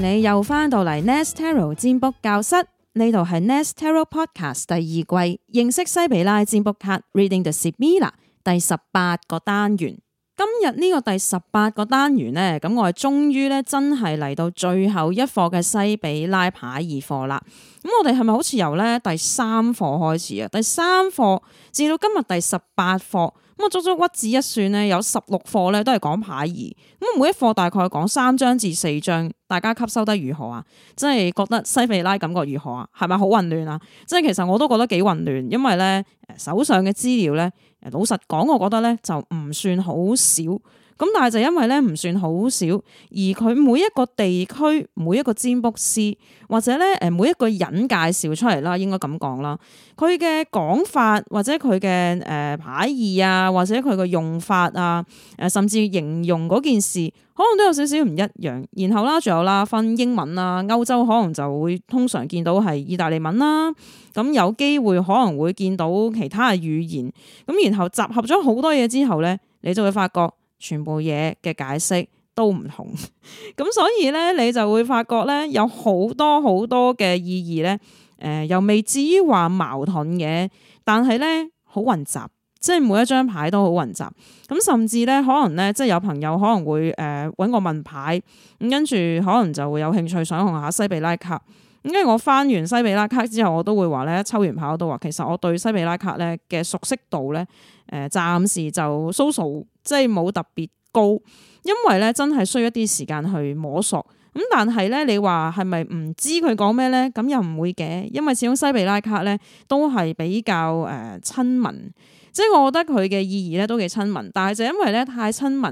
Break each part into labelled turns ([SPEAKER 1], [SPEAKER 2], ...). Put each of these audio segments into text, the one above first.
[SPEAKER 1] 你又翻到嚟 Nestaro 占卜教室呢度係 Nestaro Podcast 第二季認識西比拉占卜卡 Reading the Sibila 第十八個單元，今日呢個第十八個單元呢，咁我哋終於咧真係嚟到最後一課嘅西比拉牌二課啦。咁我哋係咪好似由咧第三課開始啊？第三課至到今日第十八課。咁啊，足足屈指一算咧，有十六課咧都係講牌兒，咁每一課大概講三張至四張，大家吸收得如何啊？真係覺得西非拉感覺如何啊？係咪好混亂啊？即係其實我都覺得幾混亂，因為咧，手上嘅資料咧，老實講，我覺得咧就唔算好少。咁但係就因為咧唔算好少，而佢每一個地區每一個占卜師或者咧誒每一個人介紹出嚟啦，應該咁講啦，佢嘅講法或者佢嘅誒牌意啊，或者佢嘅、呃、用法啊，誒甚至形容嗰件事可能都有少少唔一樣。然後啦，仲有啦，分英文啦，歐洲可能就會通常見到係意大利文啦。咁有機會可能會見到其他嘅語言。咁然後集合咗好多嘢之後咧，你就會發覺。全部嘢嘅解釋都唔同，咁所以咧，你就會發覺咧，有好多好多嘅意義咧。誒，又未至於話矛盾嘅，但係咧好混雜，即係每一張牌都好混雜。咁甚至咧，可能咧，即係有朋友可能會誒揾個問牌咁，跟住可能就會有興趣想學下西比拉卡咁。跟住我翻完西比拉卡之後，我都會話咧，抽完牌我都話其實我對西比拉卡咧嘅熟悉度咧，誒，暫時就 so。即係冇特別高，因為咧真係需要一啲時間去摸索。咁但係咧，你話係咪唔知佢講咩咧？咁又唔會嘅，因為始終西比拉卡咧都係比較誒親民。即係我覺得佢嘅意義咧都幾親民，但係就因為咧太親民，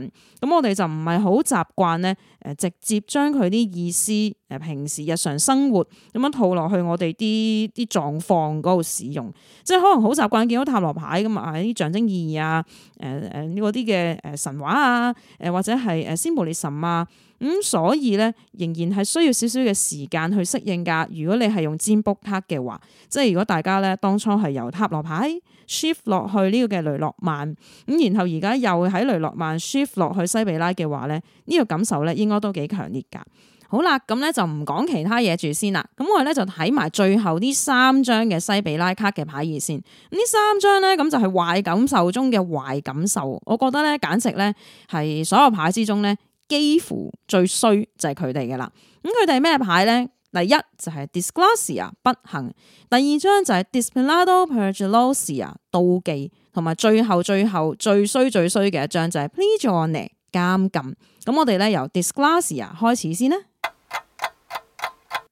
[SPEAKER 1] 咁我哋就唔係好習慣咧，誒直接將佢啲意思誒平時日常生活咁樣套落去我哋啲啲狀況嗰度使用，即係可能好習慣見到塔羅牌咁啊啲象徵意義啊，誒誒呢個啲嘅誒神話啊，誒、呃、或者係誒先布利神啊。咁、嗯、所以咧，仍然係需要少少嘅時間去適應噶。如果你係用占卜卡嘅話，即係如果大家咧當初係由塔羅牌 shift 落去呢個嘅雷諾曼，咁然後而家又喺雷諾曼 shift 落去西比拉嘅話咧，呢、呢個感受咧應該都幾強烈噶。好啦，咁咧就唔講其他嘢住先啦。咁我哋咧就睇埋最後呢三張嘅西比拉卡嘅牌意先。呢三張咧，咁就係壞感受中嘅壞感受。我覺得咧，簡直咧係所有牌之中咧。幾乎最衰就係佢哋嘅啦。咁佢哋咩牌咧？第一就係、是、disgrazia 不幸。第二張就係 disperato per gelosia，妒忌。同埋最後最後最衰最衰嘅一張就係 prigione，監禁。咁我哋咧由 disgrazia 開始先啦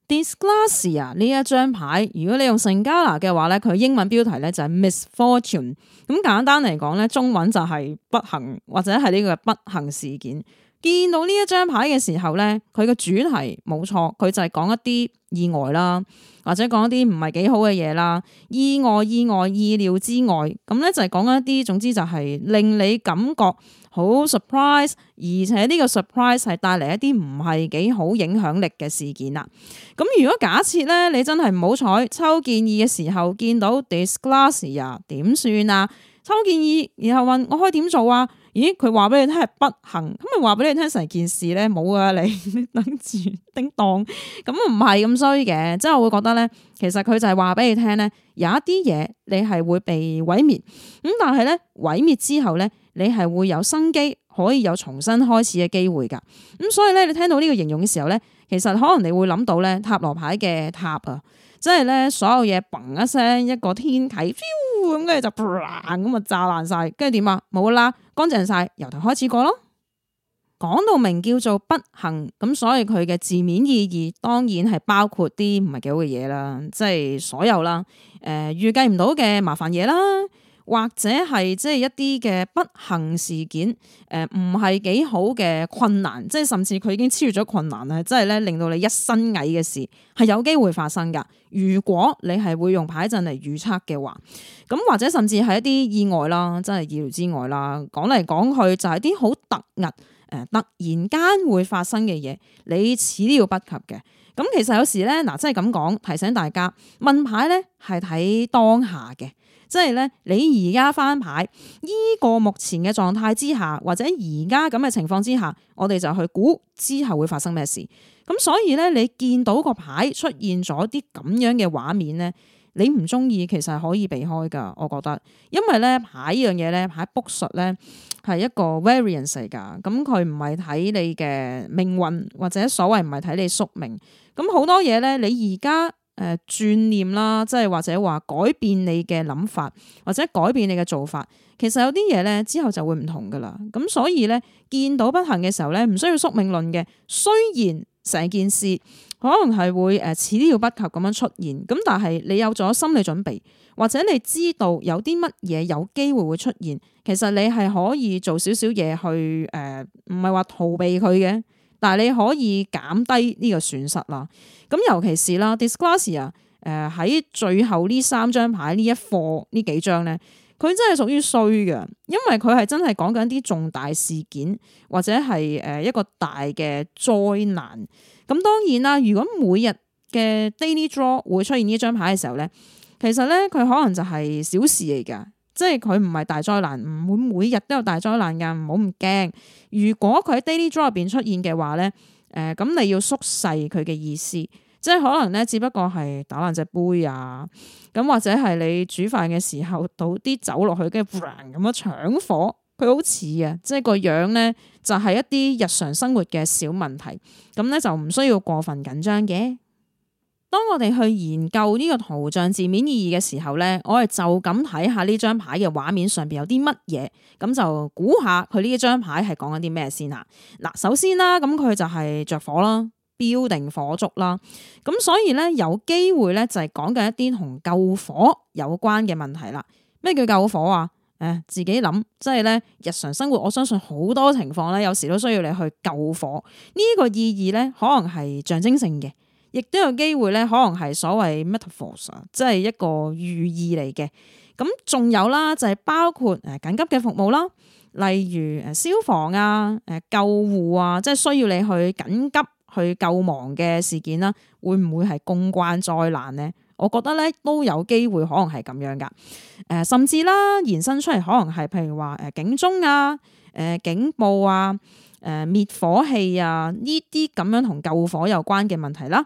[SPEAKER 1] disgrazia 呢一張牌，如果你用聖加拿嘅話咧，佢英文標題咧就係 misfortune。咁簡單嚟講咧，中文就係不幸，或者係呢個不幸事件。見到呢一張牌嘅時候咧，佢嘅主題冇錯，佢就係講一啲意外啦，或者講一啲唔係幾好嘅嘢啦，意外、意外、意料之外，咁咧就係講一啲，總之就係令你感覺好 surprise，而且呢個 surprise 係帶嚟一啲唔係幾好影響力嘅事件啦。咁如果假設咧，你真係唔好彩，抽建議嘅時候見到 discuss 啊，點算啊？抽建議，然後問我可以點做啊？咦，佢話俾你聽係不幸，咁咪話俾你聽成件事咧冇啊，你等住叮當，咁唔係咁衰嘅。即係我會覺得咧，其實佢就係話俾你聽咧，有一啲嘢你係會被毀滅，咁但係咧毀滅之後咧，你係會有生機，可以有重新開始嘅機會噶，咁所以咧你聽到呢個形容嘅時候咧，其實可能你會諗到咧塔羅牌嘅塔啊。即係咧，所有嘢嘣一聲，一個天啟，咁跟住就咁啊炸爛晒，跟住點啊？冇啦，乾淨晒，由頭開始過咯。講到明叫做不幸，咁所以佢嘅字面意義當然係包括啲唔係幾好嘅嘢啦，即係所有啦，誒，預計唔到嘅麻煩嘢啦。或者係即係一啲嘅不幸事件，誒唔係幾好嘅困難，即係甚至佢已經超越咗困難啊！真係咧，令到你一身蟻嘅事係有機會發生噶。如果你係會用牌陣嚟預測嘅話，咁或者甚至係一啲意外啦，真係意料之外啦。講嚟講去就係啲好突兀、呃、突然間會發生嘅嘢，你始料不及嘅。咁其實有時咧，嗱，真係咁講提醒大家，問牌咧，係睇當下嘅。即係咧，你而家翻牌，依個目前嘅狀態之下，或者而家咁嘅情況之下，我哋就去估之後會發生咩事。咁所以咧，你見到個牌出現咗啲咁樣嘅畫面咧，你唔中意，其實係可以避開噶。我覺得，因為咧牌呢樣嘢咧，牌卜術咧係一個 variance 嚟噶，咁佢唔係睇你嘅命運，或者所謂唔係睇你宿命。咁好多嘢咧，你而家。誒，轉、呃、念啦，即係或者話改變你嘅諗法，或者改變你嘅做法。其實有啲嘢咧，之後就會唔同噶啦。咁所以咧，見到不幸嘅時候咧，唔需要宿命論嘅。雖然成件事可能係會誒、呃、始料不及咁樣出現，咁但係你有咗心理準備，或者你知道有啲乜嘢有機會會出現，其實你係可以做少少嘢去誒，唔係話逃避佢嘅。但係你可以減低呢個損失啦。咁尤其是啦 discuss 啊，誒喺最後呢三張牌呢一課呢幾張咧，佢真係屬於衰嘅，因為佢係真係講緊啲重大事件或者係誒一個大嘅災難。咁當然啦，如果每日嘅 daily draw 會出現呢一張牌嘅時候咧，其實咧佢可能就係小事嚟㗎。即係佢唔係大災難，唔會每日都有大災難噶，唔好咁驚。如果佢喺 daily draw 入邊出現嘅話咧，誒、呃、咁你要縮細佢嘅意思，即係可能咧，只不過係打爛隻杯啊，咁或者係你煮飯嘅時候倒啲酒落去，跟住咁樣搶火，佢好似啊，即係個樣咧就係、是、一啲日常生活嘅小問題，咁咧就唔需要過分緊張嘅。當我哋去研究呢個圖像字面意義嘅時候咧，我哋就咁睇下呢張牌嘅畫面上邊有啲乜嘢，咁就估下佢呢張牌係講緊啲咩先啊！嗱，首先啦，咁佢就係着火啦，標定火燭啦，咁所以咧有機會咧就係講緊一啲同救火有關嘅問題啦。咩叫救火啊？誒，自己諗，即係咧日常生活，我相信好多情況咧，有時都需要你去救火。呢、這個意義咧，可能係象徵性嘅。亦都有機會咧，可能係所謂 metaphor，即係一個寓意嚟嘅。咁仲有啦，就係包括誒緊急嘅服務啦，例如誒消防啊、誒救護啊，即係需要你去緊急去救亡嘅事件啦，會唔會係公關災難咧？我覺得咧都有機會，可能係咁樣噶。誒，甚至啦延伸出嚟，可能係譬如話誒警鐘啊、誒警報啊、誒滅火器啊呢啲咁樣同救火有關嘅問題啦。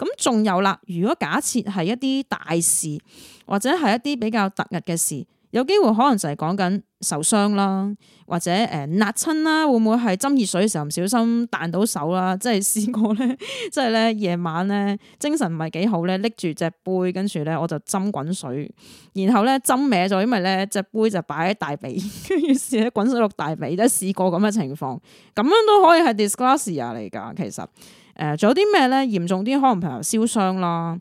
[SPEAKER 1] 咁仲有啦，如果假設係一啲大事，或者係一啲比較突兀嘅事，有機會可能就係講緊受傷啦，或者誒辣親啦，會唔會係斟熱水嘅時候唔小心彈到手啦？即係試過咧，即係咧夜晚咧精神唔係幾好咧，拎住隻杯跟住咧我就斟滾水，然後咧斟歪咗，因為咧隻杯就擺喺大髀，跟 住是咧滾水落大髀，都試過咁嘅情況，咁樣都可以係 discuss 啊嚟噶，其實。誒，仲有啲咩咧？嚴重啲可能譬如燒傷啦。誒、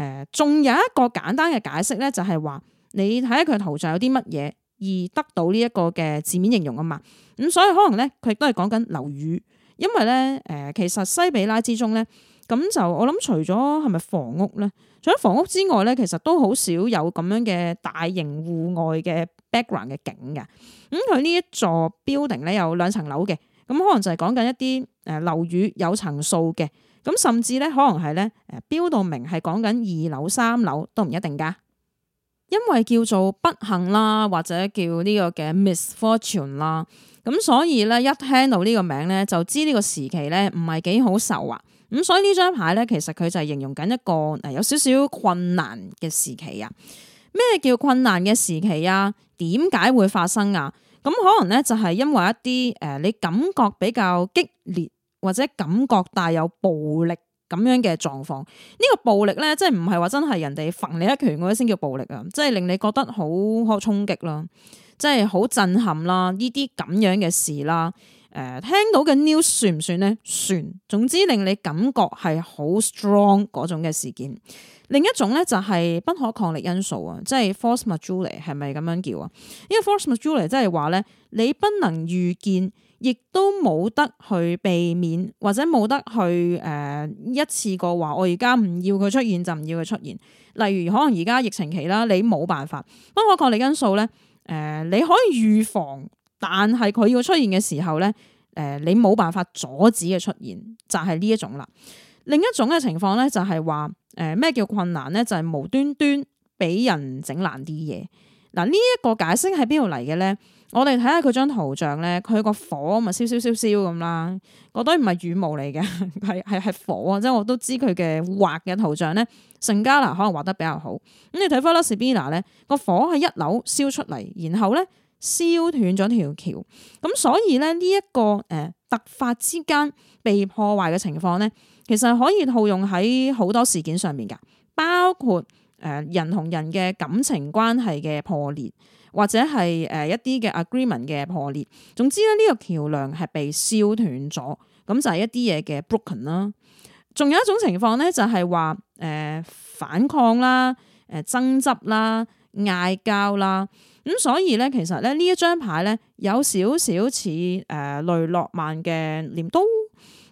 [SPEAKER 1] 呃，仲有一個簡單嘅解釋咧，就係話你睇下佢圖上有啲乜嘢而得到呢一個嘅字面形容啊嘛。咁、嗯、所以可能咧，佢亦都係講緊樓宇，因為咧誒、呃，其實西比拉之中咧，咁就我諗除咗係咪房屋咧，除咗房屋之外咧，其實都好少有咁樣嘅大型戶外嘅 background 嘅景嘅。咁佢呢一座 building 咧有兩層樓嘅。咁可能就係講緊一啲誒樓宇有層數嘅，咁甚至咧可能係咧誒標到明係講緊二樓三樓都唔一定噶，因為叫做不幸啦，或者叫呢個嘅 misfortune 啦，咁所以咧一聽到呢個名咧就知呢個時期咧唔係幾好受啊，咁所以呢張牌咧其實佢就係形容緊一個誒有少少困難嘅時期啊，咩叫困難嘅時期啊？點解會發生啊？咁可能咧就係因為一啲誒、呃，你感覺比較激烈或者感覺帶有暴力咁樣嘅狀況，呢、這個暴力咧即係唔係話真係人哋罰你一拳嗰啲先叫暴力啊，即係令你覺得好可衝擊啦，即係好震撼啦，呢啲咁樣嘅事啦，誒、呃，聽到嘅 news 算唔算咧？算，總之令你感覺係好 strong 嗰種嘅事件。另一種咧就係不可抗力因素啊，即係 force majeure，係咪咁樣叫啊？呢個 force majeure 即係話咧，你不能預見，亦都冇得去避免，或者冇得去誒一次過話我而家唔要佢出現就唔要佢出現。例如可能而家疫情期啦，你冇辦法。不可抗力因素咧，誒、呃、你可以預防，但係佢要出現嘅時候咧，誒、呃、你冇辦法阻止佢出現，就係呢一種啦。另一種嘅情況咧就係話。誒咩叫困難咧？就係、是、無端端俾人整爛啲嘢。嗱，呢一個解釋喺邊度嚟嘅咧？我哋睇下佢張圖像咧，佢個火咪燒燒燒燒咁啦，嗰堆唔係羽毛嚟嘅，係係係火啊！即係我都知佢嘅畫嘅圖像咧，聖嘉拿可能畫得比較好。咁你睇 Floristina 咧，個火喺一樓燒出嚟，然後咧燒斷咗條橋。咁所以咧呢一個誒突發之間被破壞嘅情況咧。其實可以套用喺好多事件上面噶，包括誒人同人嘅感情關係嘅破裂，或者係誒一啲嘅 agreement 嘅破裂。總之咧，呢個橋梁係被燒斷咗，咁就係一啲嘢嘅 broken 啦。仲有一種情況咧、就是，就係話誒反抗啦、誒爭執啦、嗌交啦。咁、嗯、所以咧，其實咧呢一張牌咧有少少似誒雷諾曼嘅鐮刀。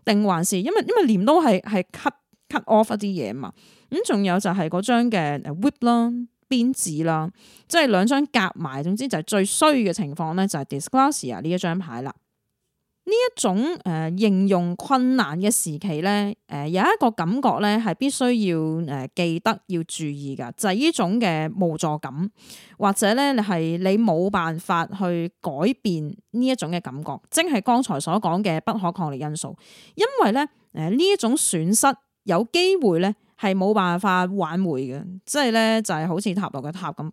[SPEAKER 1] 定還是因為因為鐮刀係係 cut cut off 一啲嘢嘛，咁仲有就係嗰張嘅 whip 啦，鞭子啦，即係兩張夾埋，總之就係最衰嘅情況咧，就係 disclosure 呢一張牌啦。呢一種誒形容困難嘅時期咧，誒、呃、有一個感覺咧，係必須要誒、呃、記得要注意噶，就係、是、呢種嘅無助感，或者咧你係你冇辦法去改變呢一種嘅感覺，即係剛才所講嘅不可抗力因素，因為咧誒呢一、呃、種損失有機會咧。係冇辦法挽回嘅，即係咧就係好似塔落個塔咁，呢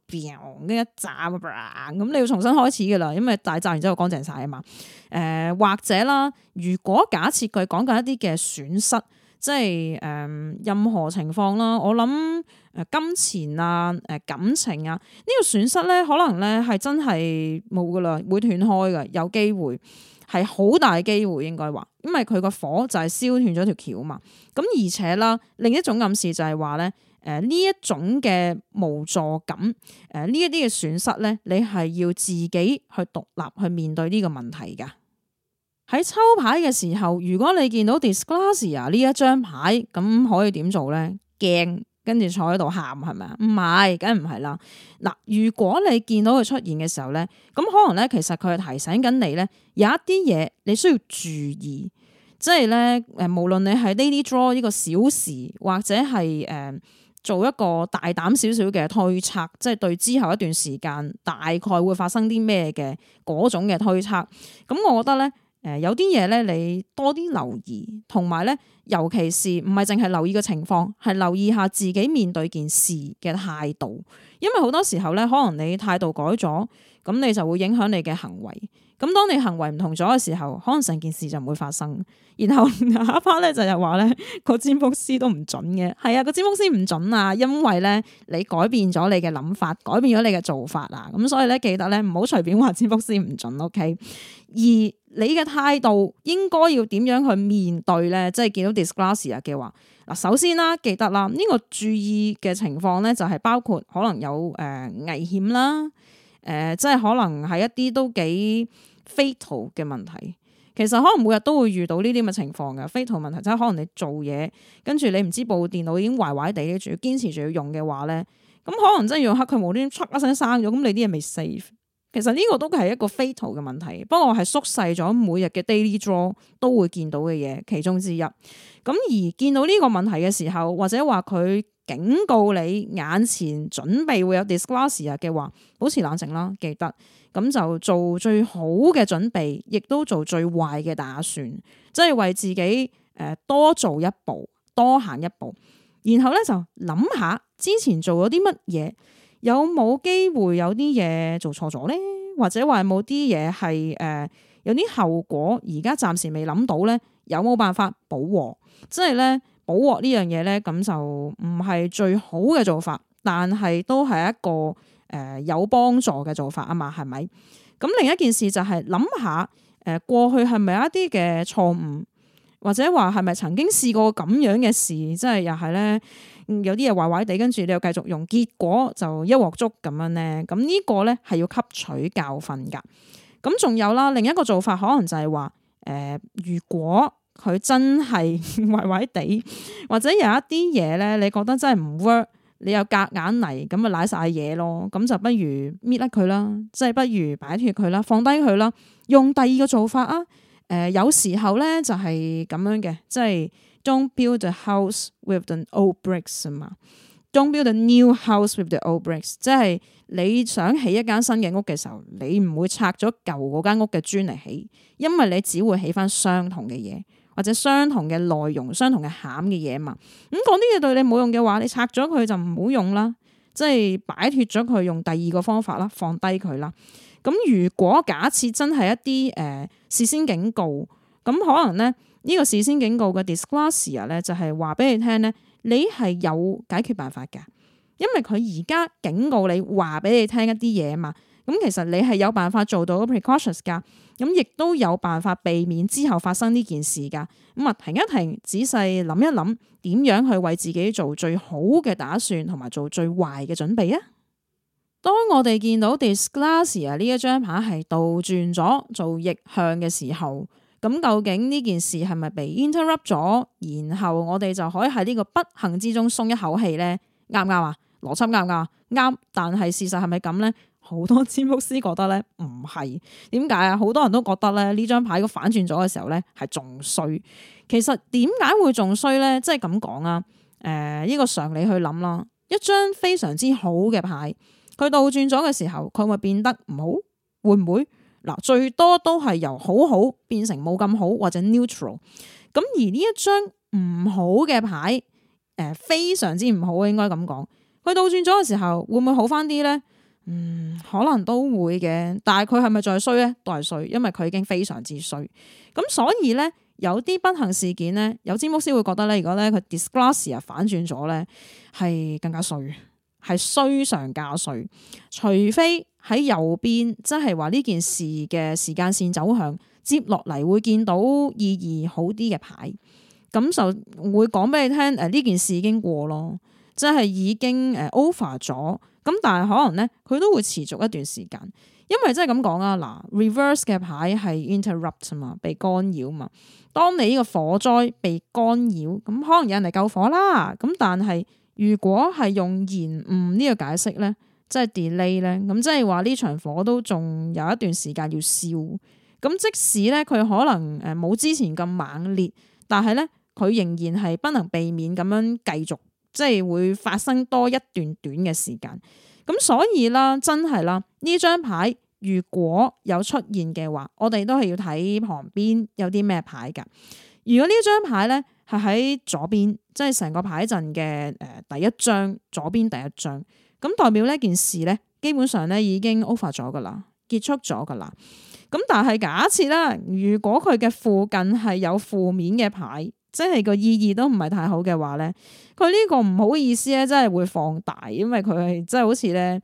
[SPEAKER 1] 一炸咁，你要重新開始噶啦，因為大炸完之後乾淨晒啊嘛。誒、呃，或者啦，如果假設佢講緊一啲嘅損失，即係誒、呃、任何情況啦，我諗誒金錢啊，誒感情啊，呢、這個損失咧可能咧係真係冇噶啦，會斷開噶，有機會。係好大機會應該話，因為佢個火就係燒斷咗條橋嘛。咁而且啦，另一種暗示就係話咧，誒呢一種嘅無助感，誒呢一啲嘅損失咧，你係要自己去獨立去面對呢個問題噶。喺抽牌嘅時候，如果你見到 disglaia 呢一張牌，咁可以點做咧？驚。跟住坐喺度喊係咪啊？唔係，梗係唔係啦。嗱，如果你見到佢出現嘅時候咧，咁可能咧，其實佢係提醒緊你咧，有一啲嘢，你需要注意。即係咧，誒，無論你係 lady draw 呢個小時，或者係誒、呃、做一個大膽少少嘅推測，即係對之後一段時間大概會發生啲咩嘅嗰種嘅推測。咁我覺得咧。誒有啲嘢咧，你多啲留意，同埋咧，尤其是唔係淨係留意個情況，係留意下自己面對件事嘅態度，因為好多時候咧，可能你態度改咗，咁你就會影響你嘅行為。咁當你行為唔同咗嘅時候，可能成件事就唔會發生。然後 下 part 咧就又話咧個占卜師都唔準嘅，係啊個占卜師唔準啊，因為咧你改變咗你嘅諗法，改變咗你嘅做法啊，咁所以咧記得咧唔好隨便話占卜師唔準，O K。OK？而你嘅態度應該要點樣去面對咧，即係見到 discuss 啊嘅話，嗱首先啦，記得啦，呢、這個注意嘅情況咧就係包括可能有誒、呃、危險啦。誒、呃，即係可能係一啲都幾 fatal 嘅問題。其實可能每日都會遇到呢啲咁嘅情況嘅 fatal 問題，即係可能你做嘢跟住你唔知部電腦已經壞壞地，仲要堅持住要用嘅話咧，咁可能真係用黑佢無端端一聲生咗，咁你啲嘢咪 save。其實呢個都係一個 fatal 嘅問題，不過我係縮細咗每日嘅 daily draw 都會見到嘅嘢其中之一。咁而見到呢個問題嘅時候，或者話佢。警告你，眼前準備會有 disqual 時日嘅話，保持冷靜啦，記得咁就做最好嘅準備，亦都做最壞嘅打算，即係為自己誒多做一步，多行一步，然後咧就諗下之前做咗啲乜嘢，有冇機會有啲嘢做錯咗咧？或者話冇啲嘢係誒有啲、呃、後果，而家暫時未諗到咧，有冇辦法補和？即係咧。補鑊呢樣嘢咧，咁就唔係最好嘅做法，但係都係一個誒、呃、有幫助嘅做法啊嘛，係咪？咁另一件事就係諗下，誒過去係咪一啲嘅錯誤，或者話係咪曾經試過咁樣嘅事，即係又係咧有啲嘢壞壞地，跟住你又繼續用，結果就一鑊粥咁樣咧。咁呢個咧係要吸取教訓噶。咁仲有啦，另一個做法可能就係話，誒、呃、如果。佢真係壞壞地，或者有一啲嘢咧，你覺得真係唔 work，你又夾硬嚟，咁咪瀨晒嘢咯。咁就不如搣甩佢啦，即係不如擺脫佢啦，放低佢啦。用第二個做法啊，誒，有時候咧就係咁樣嘅，即係 Don't build a house with an old bricks 啊嘛，Don't build a new house with the old bricks，即係你想起一間新嘅屋嘅時候，你唔會拆咗舊嗰間屋嘅磚嚟起，因為你只會起翻相同嘅嘢。或者相同嘅內容、相同嘅餡嘅嘢嘛，咁講啲嘢對你冇用嘅話，你拆咗佢就唔好用啦，即係擺脫咗佢，用第二個方法啦，放低佢啦。咁如果假設真係一啲誒、呃、事先警告，咁可能咧呢、這個事先警告嘅 disclosure 咧就係話俾你聽咧，你係有解決辦法嘅，因為佢而家警告你，話俾你聽一啲嘢嘛。咁其實你係有辦法做到 precautions 噶，咁亦都有辦法避免之後發生呢件事噶。咁啊，停一停，仔細諗一諗，點樣去為自己做最好嘅打算，同埋做最壞嘅準備啊？當我哋見到 this glass 啊呢一張牌係倒轉咗，做逆向嘅時候，咁究竟呢件事係咪被 interrupt 咗？然後我哋就可以喺呢個不幸之中鬆一口氣呢？啱唔啱啊？邏輯啱唔啱？啱，但係事實係咪咁呢？好多占卜師覺得咧唔係，點解啊？好多人都覺得咧呢張牌反轉咗嘅時候咧係仲衰。其實點解會仲衰咧？即係咁講啊！誒、呃，呢個常理去諗啦。一張非常之好嘅牌，佢倒轉咗嘅時候，佢會變得唔好，會唔會嗱？最多都係由好好變成冇咁好或者 neutral。咁而呢一張唔好嘅牌，誒、呃，非常之唔好啊，應該咁講。佢倒轉咗嘅時候，會唔會好翻啲咧？嗯，可能都會嘅，但係佢係咪再衰咧？都係衰，因為佢已經非常之衰。咁所以咧，有啲不幸事件咧，有詹姆斯會覺得咧，如果咧佢 disgrace 又反轉咗咧，係更加衰，係衰上加衰。除非喺右邊，即係話呢件事嘅時間線走向接落嚟會見到意義好啲嘅牌，咁就會講俾你聽，誒、呃、呢件事已經過咯，即係已經誒 over 咗。咁但係可能咧，佢都會持續一段時間，因為真係咁講啊，嗱，reverse 嘅牌係 interrupt 嘛，被干擾嘛。當你呢個火災被干擾，咁可能有人嚟救火啦。咁但係如果係用延誤呢個解釋咧，即係 delay 咧，咁即係話呢場火都仲有一段時間要燒。咁即使咧佢可能誒冇之前咁猛烈，但係咧佢仍然係不能避免咁樣繼續。即係會發生多一段短嘅時間，咁所以啦，真係啦，呢張牌如果有出現嘅話，我哋都係要睇旁邊有啲咩牌噶。如果張呢張牌咧係喺左邊，即係成個牌陣嘅誒第一張左邊第一張，咁代表呢件事咧基本上咧已經 over 咗噶啦，結束咗噶啦。咁但係假設啦，如果佢嘅附近係有負面嘅牌。即係個意義都唔係太好嘅話咧，佢呢個唔好意思咧，真係會放大，因為佢係真係好似咧，誒、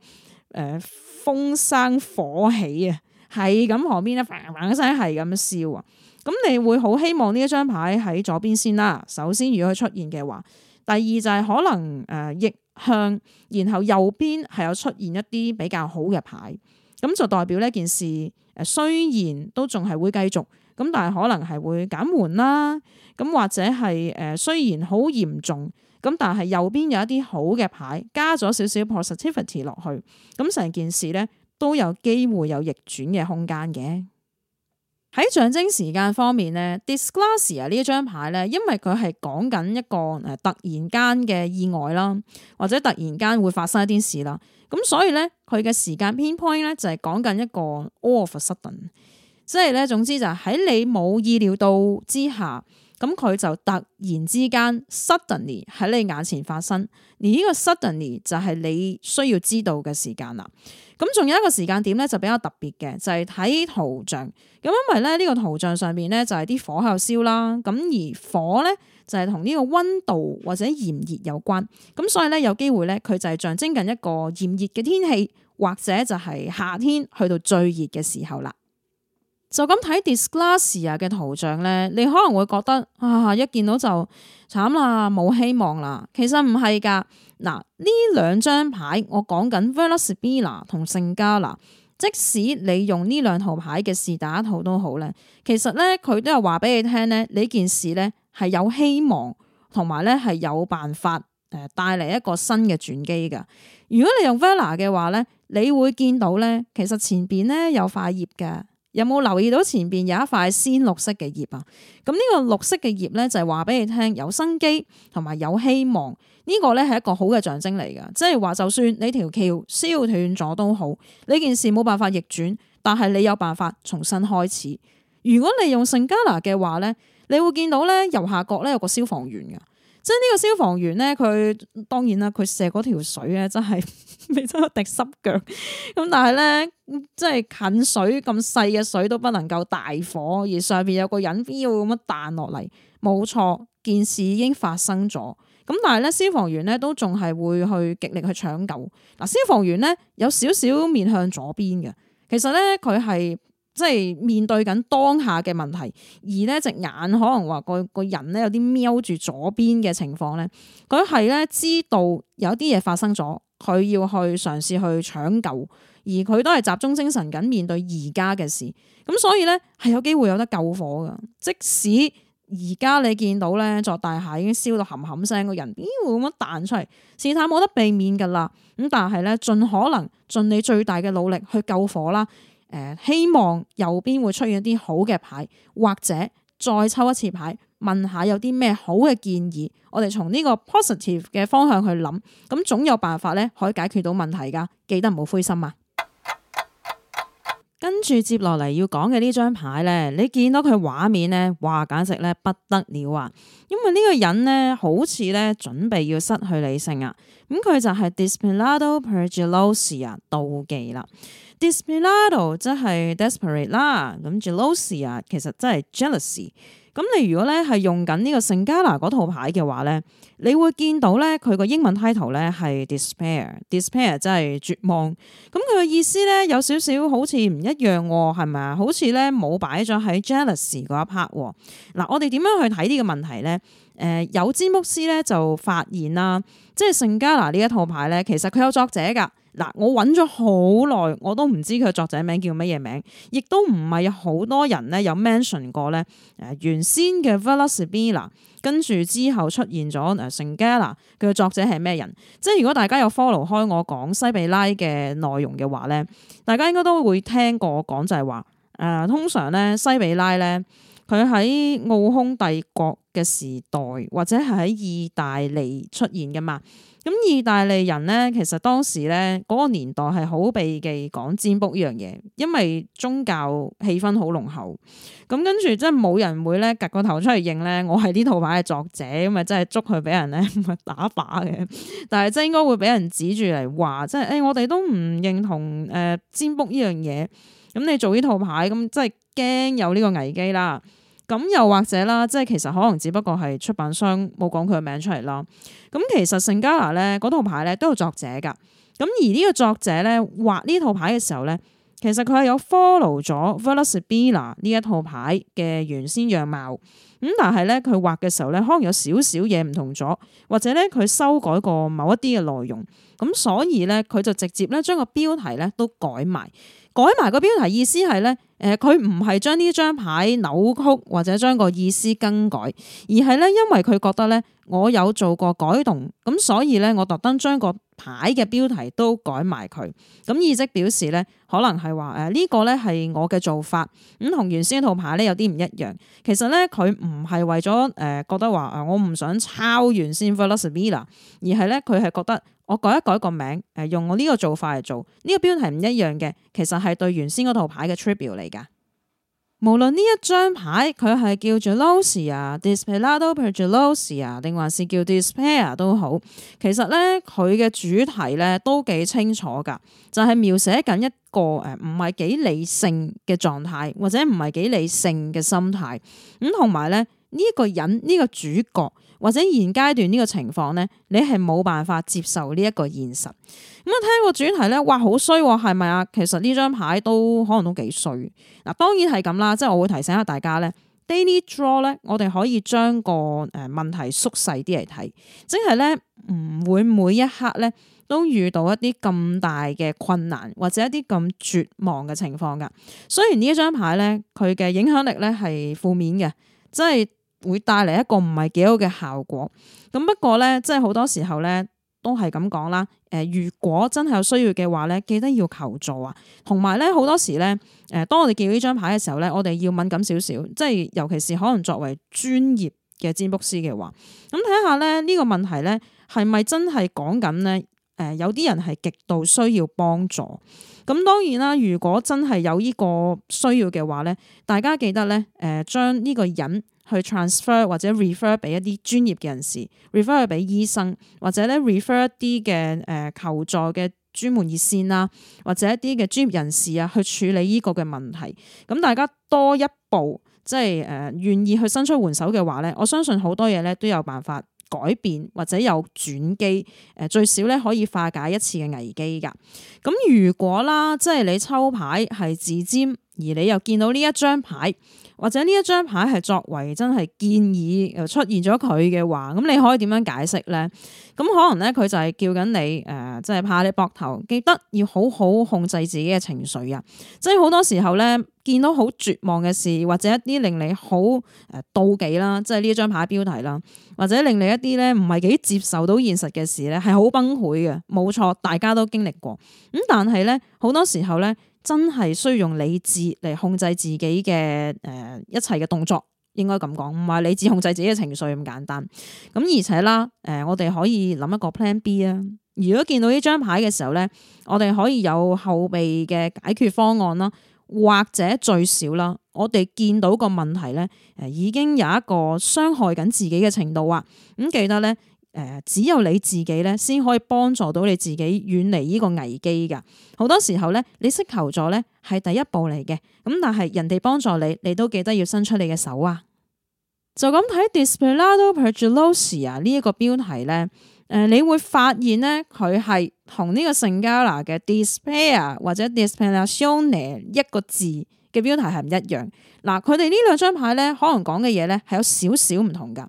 [SPEAKER 1] 呃、風生火起啊，係咁旁邊咧，嘭嘭嘅聲係咁樣燒啊，咁、嗯、你會好希望呢一張牌喺左邊先啦。首先如果佢出現嘅話，第二就係可能誒逆、呃、向，然後右邊係有出現一啲比較好嘅牌，咁就代表呢件事誒雖然都仲係會繼續。咁但係可能係會減緩啦，咁或者係誒、呃、雖然好嚴重，咁但係右邊有一啲好嘅牌，加咗少少 positivity 落去，咁成件事咧都有機會有逆轉嘅空間嘅。喺 象徵時間方面咧，disglaise 啊呢張牌咧，因為佢係講緊一個誒突然間嘅意外啦，或者突然間會發生一啲事啦，咁所以咧佢嘅時間 pinpoint 咧就係講緊一個 all of a sudden。即係咧，總之就係喺你冇意料到之下，咁佢就突然之間 suddenly 喺你眼前發生。而呢個 suddenly 就係你需要知道嘅時間啦。咁仲有一個時間點咧，就比較特別嘅，就係、是、睇圖像咁，因為咧呢個圖像上面咧就係啲火喺度燒啦。咁而火咧就係同呢個溫度或者炎熱有關，咁所以咧有機會咧佢就係象徵緊一個炎熱嘅天氣，或者就係夏天去到最熱嘅時候啦。就咁睇 disclase 啊嘅圖像咧，你可能會覺得啊，一見到就慘啦，冇希望啦。其實唔係㗎，嗱，呢兩張牌我講緊 velasbina 同成交嗱，ara, 即使你用呢兩套牌嘅事打一套都好咧，其實咧佢都係話俾你聽咧，呢件事咧係有希望同埋咧係有辦法誒帶嚟一個新嘅轉機㗎。如果你用 vela 嘅話咧，你會見到咧，其實前邊咧有塊葉嘅。有冇留意到前邊有一塊鮮綠色嘅葉啊？咁呢個綠色嘅葉咧就係話俾你聽，有生機同埋有希望，呢個咧係一個好嘅象徵嚟噶。即係話就算你條橋燒斷咗都好，呢件事冇辦法逆轉，但係你有辦法重新開始。如果你用聖加拿嘅話咧，你會見到咧，右下角咧有個消防員噶。即呢個消防員咧，佢當然啦，佢射嗰條水咧，真係未 真一滴濕腳咁。但係咧，即係近水咁細嘅水都不能夠大火，而上邊有個人要咁樣彈落嚟，冇錯，件事已經發生咗。咁但係咧，消防員咧都仲係會去極力去搶救嗱。消防員咧有少少面向左邊嘅，其實咧佢係。即係面對緊當下嘅問題，而咧隻眼可能話個個人咧有啲瞄住左邊嘅情況咧，佢係咧，知道有啲嘢發生咗，佢要去嘗試去搶救，而佢都係集中精神緊面對而家嘅事，咁所以咧係有機會有得救火噶。即使而家你見到咧座大廈已經燒到冚冚聲，個人咦、呃、會咁樣彈出嚟，事態冇得避免噶啦。咁但係咧盡可能盡你最大嘅努力去救火啦。誒希望右邊會出現一啲好嘅牌，或者再抽一次牌，問下有啲咩好嘅建議。我哋從呢個 positive 嘅方向去諗，咁總有辦法咧可以解決到問題噶。記得唔好灰心啊！跟住接落嚟要講嘅呢張牌咧，你見到佢畫面咧，哇簡直咧不得了啊！因為呢個人咧好似咧準備要失去理性啊。咁佢就係 disperado perjulosi 啊，妒忌啦。dispirited 即係 desperate 啦，咁 jealousy 啊，其實真係 jealousy。咁你如果咧係用緊呢個聖加拿嗰套牌嘅話咧，你會見到咧佢個英文 title 咧係 despair，despair 真係絕望。咁佢嘅意思咧有少少好似唔一樣，係咪啊？好似咧冇擺咗喺 jealousy 嗰一 part 刻。嗱，我哋點樣去睇呢個問題咧？誒、呃、有詹牧師咧就發現啦，即係、呃呃《聖加拿》呢一套牌咧，其實佢有作者㗎嗱。我揾咗好耐，我都唔知佢作者名叫乜嘢名，亦都唔係有好多人咧有 mention 過。咧。誒原先嘅 Valasbina 跟住之後出現咗《聖加拿》佢嘅作者係咩人？即係如果大家有 follow 開我講西比拉嘅內容嘅話咧，大家應該都會聽過我講就係話誒。通常咧西比拉咧佢喺奧匈帝國。嘅時代或者係喺意大利出現嘅嘛。咁意大利人咧，其實當時咧嗰個年代係好避忌講占卜呢樣嘢，因為宗教氣氛好濃厚。咁跟住，即係冇人會咧夾個頭出嚟認咧，我係呢套牌嘅作者，咁咪真係捉佢俾人咧 打靶嘅。但係真係應該會俾人指住嚟話，即係誒、哎，我哋都唔認同誒、呃、占卜呢樣嘢。咁你做呢套牌，咁真係驚有呢個危機啦。咁又或者啦，即係其實可能只不過係出版商冇講佢個名出嚟咯。咁其實聖加拿咧嗰套牌咧都有作者噶。咁而呢個作者咧畫呢套牌嘅時候咧，其實佢係有 follow 咗 Velas Bila 呢一套牌嘅原先樣貌。咁但係咧佢畫嘅時候咧，可能有少少嘢唔同咗，或者咧佢修改過某一啲嘅內容。咁所以咧佢就直接咧將個標題咧都改埋，改埋個標題意思係咧。誒，佢唔係將呢張牌扭曲或者將個意思更改，而係咧，因為佢覺得咧。我有做過改動，咁所以咧，我特登將個牌嘅標題都改埋佢。咁意即表示咧，可能係話誒，呢個咧係我嘅做法，咁同原先套牌咧有啲唔一樣。其實咧佢唔係為咗誒覺得話誒我唔想抄原先 Felix Vila，而係咧佢係覺得我改一改個名，誒用我呢個做法嚟做，呢個標題唔一樣嘅，其實係對原先套牌嘅 tribute 嚟噶。無論呢一張牌佢係叫做 Lucia，disperado per gelosia，定還是叫 dispair 都好，其實咧佢嘅主題咧都幾清楚㗎，就係、是、描寫緊一個誒唔係幾理性嘅狀態，或者唔係幾理性嘅心態。咁同埋咧呢一、這個人呢、這個主角。或者現階段呢個情況咧，你係冇辦法接受呢一個現實。咁啊，聽個主題咧，哇，好衰喎，係咪啊？其實呢張牌都可能都幾衰。嗱，當然係咁啦，即係我會提醒下大家咧，daily draw 咧，我哋可以將個誒問題縮細啲嚟睇，即係咧唔會每一刻咧都遇到一啲咁大嘅困難或者一啲咁絕望嘅情況噶。雖然呢一張牌咧，佢嘅影響力咧係負面嘅，即係。會帶嚟一個唔係幾好嘅效果。咁不過咧，即係好多時候咧，都係咁講啦。誒，如果真係有需要嘅話咧，記得要求助啊。同埋咧，好多時咧，誒，當我哋見到呢張牌嘅時候咧，我哋要敏感少少，即係尤其是可能作為專業嘅占卜師嘅話，咁睇下咧呢個問題咧係咪真係講緊咧？誒，有啲人係極度需要幫助。咁當然啦，如果真係有呢個需要嘅話咧，大家記得咧，誒，將呢個人。去 transfer 或者 refer 俾一啲專業嘅人士，refer 俾醫生，或者咧 refer 一啲嘅誒求助嘅專門熱線啦，或者一啲嘅專業人士啊，去處理呢個嘅問題。咁大家多一步，即係誒願意去伸出援手嘅話咧，我相信好多嘢咧都有辦法改變，或者有轉機。誒最少咧可以化解一次嘅危機㗎。咁如果啦，即係你抽牌係自占。而你又見到呢一張牌，或者呢一張牌係作為真係建議出現咗佢嘅話，咁你可以點樣解釋咧？咁可能咧佢就係叫緊你誒，即、呃、係、就是、拍你膊頭，記得要好好控制自己嘅情緒啊！即係好多時候咧，見到好絕望嘅事，或者一啲令你好誒妒忌啦，即係呢一張牌標題啦，或者令你一啲咧唔係幾接受到現實嘅事咧，係好崩潰嘅，冇錯，大家都經歷過。咁但係咧，好多時候咧。真係需要用理智嚟控制自己嘅誒、呃、一切嘅動作，應該咁講，唔係理智控制自己嘅情緒咁簡單。咁、嗯、而且啦，誒、呃，我哋可以諗一個 Plan B 啦、啊。如果見到呢張牌嘅時候咧，我哋可以有後備嘅解決方案啦，或者最少啦，我哋見到個問題咧，誒，已經有一個傷害緊自己嘅程度啊。咁、嗯、記得咧。誒、呃，只有你自己咧，先可以幫助到你自己遠離呢個危機噶好多時候咧，你識求助咧係第一步嚟嘅。咁但係人哋幫助你，你都記得要伸出你嘅手啊就！就咁睇 disperado perjulosi 啊、嗯，呢一個標題咧，誒、呃，你會發現咧，佢係同呢個聖加納嘅 despair 或者 disperazione 一個字嘅標題係唔一樣。嗱、呃，佢哋呢兩張牌咧，可能講嘅嘢，咧係有少少唔同噶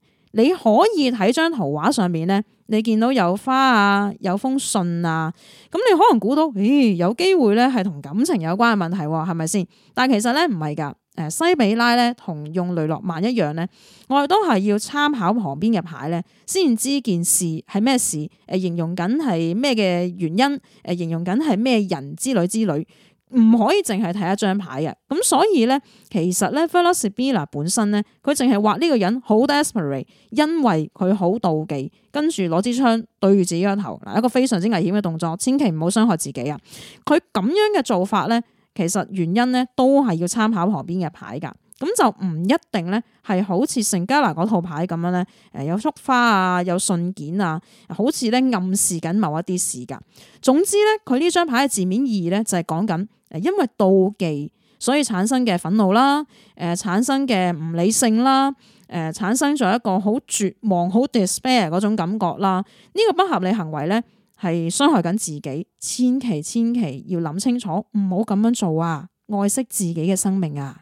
[SPEAKER 1] 你可以睇張圖畫上面咧，你見到有花啊，有封信啊，咁你可能估到，咦，有機會咧係同感情有關嘅問題，係咪先？但其實咧唔係噶，誒西比拉咧同用雷諾曼一樣咧，我哋都係要參考旁邊嘅牌咧，先知件事係咩事，誒形容緊係咩嘅原因，誒形容緊係咩人之類之類。唔可以淨係睇一張牌嘅。咁所以咧，其實咧，Felicia 本身咧，佢淨係畫呢個人好 desperate，因為佢好妒忌，跟住攞支槍對住自己個頭，嗱一個非常之危險嘅動作，千祈唔好傷害自己啊！佢咁樣嘅做法咧，其實原因咧都係要參考旁邊嘅牌噶，咁就唔一定咧係好似聖家拿嗰套牌咁樣咧，誒有束花啊，有信件啊，好似咧暗示緊某一啲事噶。總之咧，佢呢張牌嘅字面意義咧就係講緊。誒，因為妒忌，所以產生嘅憤怒啦，誒，產生嘅唔理性啦，誒，產生咗一個好絕望、好 despair 嗰種感覺啦。呢個不合理行為咧，係傷害緊自己，千祈千祈要諗清楚，唔好咁樣做啊！愛惜自己嘅生命啊！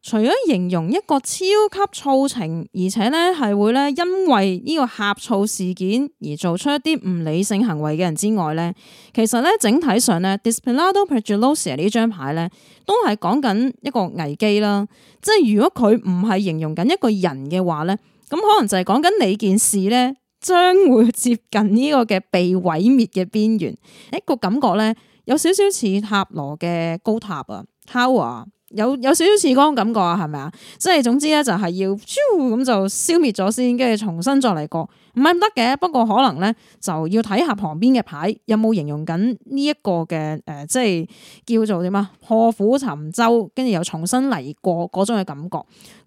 [SPEAKER 1] 除咗形容一個超級醋情，而且咧係會咧因為呢個呷醋事件而做出一啲唔理性行為嘅人之外咧，其實咧整體上咧 ，disperado perjulosa 呢張牌咧都係講緊一個危機啦。即係如果佢唔係形容緊一個人嘅話咧，咁可能就係講緊你件事咧，將會接近呢個嘅被毀滅嘅邊緣。誒，個感覺咧有少少似塔羅嘅高塔啊，tower。有有少少似嗰種感覺啊，係咪啊？即係總之咧，就係要咁就消滅咗先，跟住重新再嚟過，唔係唔得嘅。不過可能咧，就要睇下旁邊嘅牌有冇形容緊呢一個嘅誒、呃，即係叫做點啊？破釜沉舟，跟住又重新嚟過嗰種嘅感覺。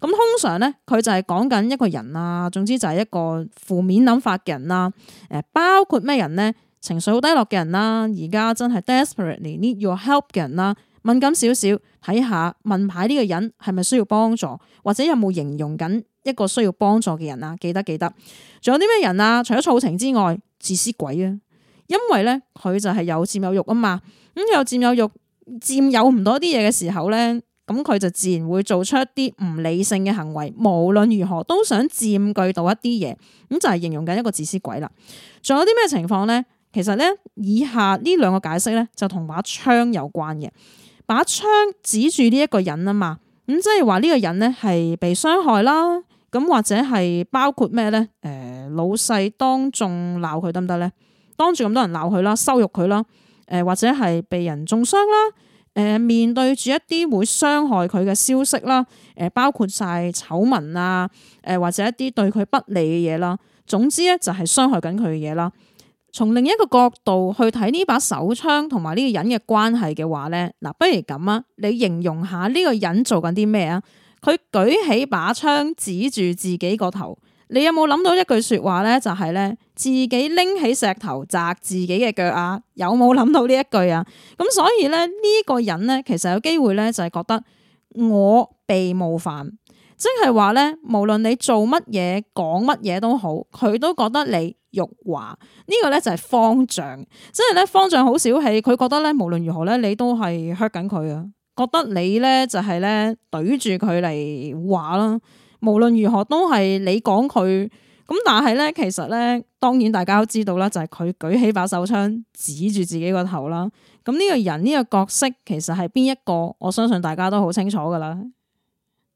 [SPEAKER 1] 咁通常咧，佢就係講緊一個人啊，總之就係一個負面諗法嘅人啦。誒、呃，包括咩人咧？情緒好低落嘅人啦，而家真係 desperately need your help 嘅人啦。敏感少少，睇下問牌呢個人係咪需要幫助，或者有冇形容緊一個需要幫助嘅人啊？記得記得，仲有啲咩人啊？除咗醋情之外，自私鬼啊！因為咧，佢就係有佔有慾啊嘛。咁有佔有慾，佔有唔到啲嘢嘅時候咧，咁佢就自然會做出一啲唔理性嘅行為。無論如何，都想佔據到一啲嘢，咁就係形容緊一個自私鬼啦。仲有啲咩情況咧？其實咧，以下呢兩個解釋咧，就同把槍有關嘅。把槍指住呢一個人啊嘛，咁即係話呢個人咧係被傷害啦，咁或者係包括咩咧？誒、呃，老細當眾鬧佢得唔得咧？當住咁多人鬧佢啦，羞辱佢啦，誒、呃、或者係被人中傷啦，誒、呃、面對住一啲會傷害佢嘅消息啦，誒、呃、包括晒醜聞啊，誒、呃、或者一啲對佢不利嘅嘢啦，總之咧就係傷害緊佢嘅嘢啦。從另一個角度去睇呢把手槍同埋呢個人嘅關係嘅話咧，嗱，不如咁啊，你形容下呢個人做緊啲咩啊？佢舉起把槍指住自己個頭，你有冇諗到一句說話咧？就係咧，自己拎起石頭砸自己嘅腳啊？有冇諗到呢一句啊？咁所以咧，呢個人咧，其實有機會咧就係覺得我被冒犯。即係話咧，無論你做乜嘢講乜嘢都好，佢都覺得你辱華呢個咧就係方丈。即係咧，方丈好小氣，佢覺得咧，無論如何咧，你都係 hurt 緊佢啊！覺得你咧就係咧懟住佢嚟話啦。無論如何都係你講佢咁，但係咧，其實咧，當然大家都知道啦，就係、是、佢舉起把手槍指住自己個頭啦。咁呢個人呢、呢個角色其實係邊一個？我相信大家都好清楚噶啦。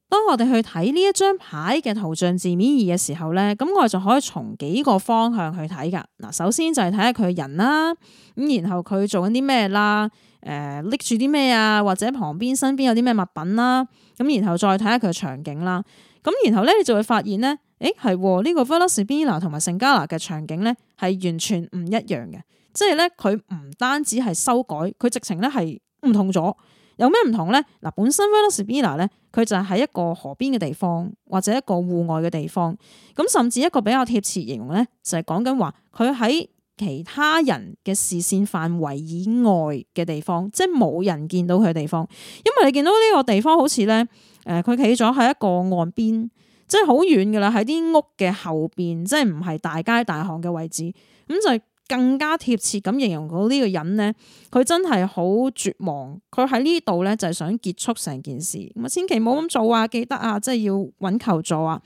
[SPEAKER 1] 當我哋去睇呢一張牌嘅圖像字面義嘅時候咧，咁我哋就可以從幾個方向去睇噶。嗱，首先就係睇下佢個人啦，咁然後佢做緊啲咩啦？誒、呃，拎住啲咩啊？或者旁邊身邊有啲咩物品啦？咁然後再睇下佢嘅場景啦。咁然後咧，你就會發現咧，誒係呢、這個 Velasbina 同埋聖加納嘅場景咧係完全唔一樣嘅。即係咧，佢唔單止係修改，佢直情咧係唔同咗。有咩唔同咧？嗱，本身 Velasbina 咧。佢就喺一個河邊嘅地方，或者一個戶外嘅地方，咁甚至一個比較貼切形容咧，就係講緊話佢喺其他人嘅視線範圍以外嘅地方，即係冇人見到佢嘅地方。因為你見到呢個地方好似咧，誒、呃，佢企咗喺一個岸邊，即係好遠噶啦，喺啲屋嘅後邊，即係唔係大街大巷嘅位置，咁就係、是。更加貼切咁形容到呢個人呢，佢真係好絕望，佢喺呢度呢，就係想結束成件事。千祈唔好咁做啊！記得啊，即係要揾求助啊！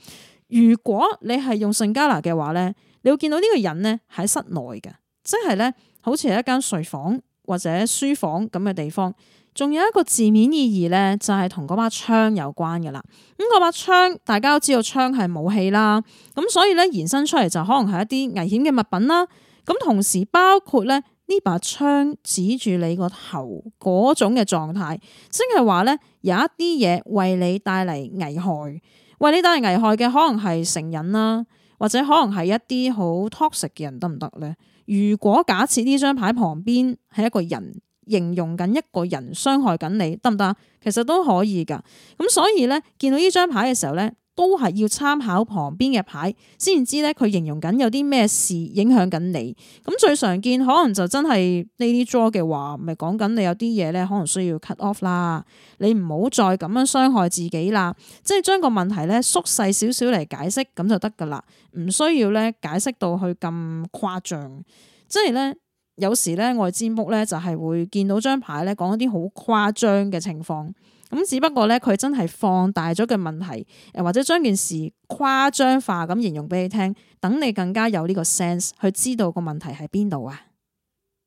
[SPEAKER 1] 如果你係用聖加拿嘅話呢，你會見到呢個人呢喺室內嘅，即係呢，好似係一間睡房或者書房咁嘅地方。仲有一個字面意義呢，就係同嗰把槍有關噶啦。咁嗰把槍大家都知道槍係武器啦，咁所以呢，延伸出嚟就可能係一啲危險嘅物品啦。咁同時包括咧，呢把槍指住你個頭嗰種嘅狀態，即係話咧，有一啲嘢為你帶嚟危害，為你帶嚟危害嘅可能係成癮啦，或者可能係一啲好 toxic 嘅人，得唔得咧？如果假設呢張牌旁邊係一個人，形容緊一個人傷害緊你，得唔得？其實都可以噶。咁所以咧，見到呢張牌嘅時候咧，都係要參考旁邊嘅牌，先知咧佢形容緊有啲咩事影響緊你。咁最常見可能就真係呢啲 draw 嘅話，咪講緊你有啲嘢咧，可能需要 cut off 啦。你唔好再咁樣傷害自己啦。即係將個問題咧縮細少少嚟解釋，咁就得噶啦。唔需要咧解釋到去咁誇張。即係咧。有時咧，我哋占卜咧就係會見到張牌咧，講一啲好誇張嘅情況。咁只不過咧，佢真係放大咗個問題，誒，或者將件事誇張化咁形容俾你聽，等你更加有呢個 sense 去知道個問題喺邊度啊。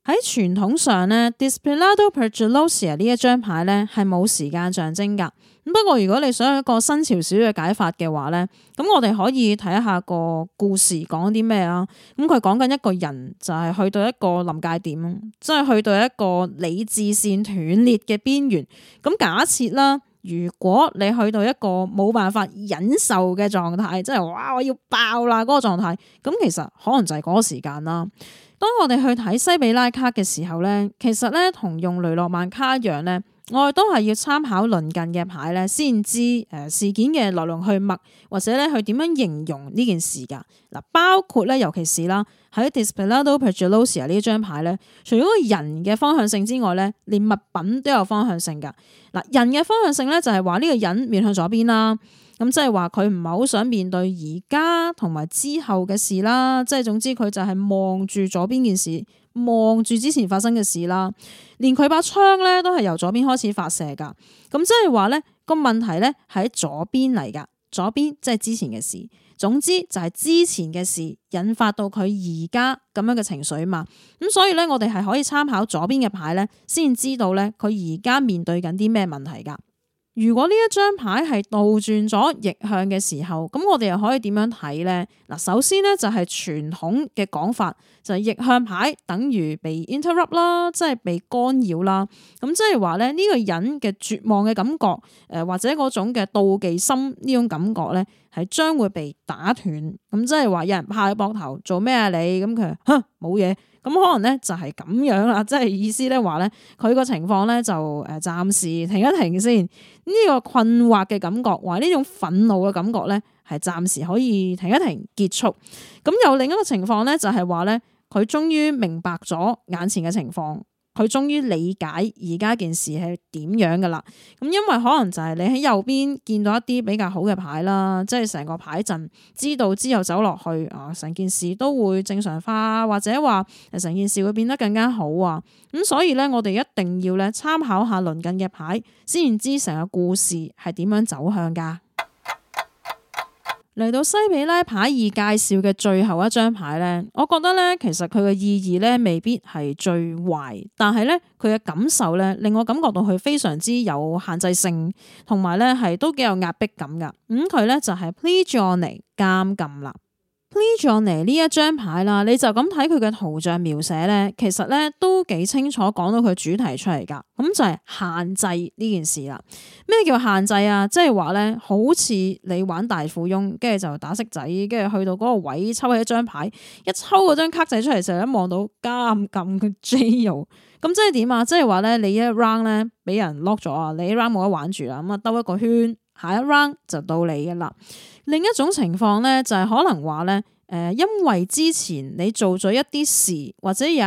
[SPEAKER 1] 喺傳統上咧，disperado perjulosia 呢一張牌咧係冇時間象徵噶。咁不過如果你想有一個新潮少嘅解法嘅話咧，咁我哋可以睇下個故事講啲咩啊？咁佢講緊一個人就係去到一個臨界點，即係去到一個理智線斷裂嘅邊緣。咁假設啦。如果你去到一個冇辦法忍受嘅狀態，即係哇，我要爆啦嗰、那個狀態，咁其實可能就係嗰個時間啦。當我哋去睇西比拉卡嘅時候咧，其實咧同用雷諾曼卡一樣咧。我哋都係要參考鄰近嘅牌咧，先知誒事件嘅來龍去脈，或者咧佢點樣形容呢件事噶嗱，包括咧尤其是啦喺 d i s p l e t a l e p e l o s i 呢張牌咧，除咗個人嘅方向性之外咧，連物品都有方向性噶嗱，人嘅方向性咧就係話呢個人面向左邊啦，咁即係話佢唔係好想面對而家同埋之後嘅事啦，即係總之佢就係望住左邊件事。望住之前發生嘅事啦，連佢把槍咧都係由左邊開始發射噶，咁即係話咧個問題咧係喺左邊嚟噶，左邊即係之前嘅事，總之就係之前嘅事引發到佢而家咁樣嘅情緒啊嘛，咁所以咧我哋係可以參考左邊嘅牌咧，先知道咧佢而家面對緊啲咩問題噶。如果呢一張牌係倒轉咗逆向嘅時候，咁我哋又可以點樣睇咧？嗱，首先咧就係傳統嘅講法就係、是、逆向牌等於被 interrupt 啦，即係被干擾啦。咁即係話咧呢個人嘅絕望嘅感覺，誒、呃、或者嗰種嘅妒忌心呢種感覺咧係將會被打斷。咁即係話有人拍、啊、你膊頭做咩啊？你咁佢，哼，冇嘢。咁可能咧就係咁樣啦，即係意思咧話咧，佢個情況咧就誒暫時停一停先，呢、這個困惑嘅感覺，或呢種憤怒嘅感覺咧係暫時可以停一停結束。咁又有另一個情況咧就係話咧，佢終於明白咗眼前嘅情況。佢終於理解而家件事係點樣㗎啦，咁因為可能就係你喺右邊見到一啲比較好嘅牌啦，即係成個牌陣知道之後走落去啊，成件事都會正常化，或者話成件事會變得更加好啊，咁所以咧，我哋一定要咧參考下鄰近嘅牌，先知成個故事係點樣走向噶。嚟到西比拉牌二介紹嘅最後一張牌咧，我覺得咧其實佢嘅意義咧未必係最壞，但係咧佢嘅感受咧令我感覺到佢非常之有限制性，同埋咧係都幾有壓迫感噶。咁佢咧就係 please join 嚟監禁啦。呢張嚟呢一張牌啦，你就咁睇佢嘅圖像描寫咧，其實咧都幾清楚講到佢主題出嚟噶，咁就係限制呢件事啦。咩叫限制啊？即係話咧，好似你玩大富翁，跟住就打色仔，跟住去到嗰個位抽起一張牌，一抽嗰張卡仔出嚟就一望到監禁嘅 jail，咁即係點啊？即係話咧，你一 round 咧俾人 lock 咗啊，你一 round 冇得玩住啦，咁啊兜一個圈。下一 round 就到你嘅啦。另一種情況咧，就係可能話咧，誒，因為之前你做咗一啲事，或者有一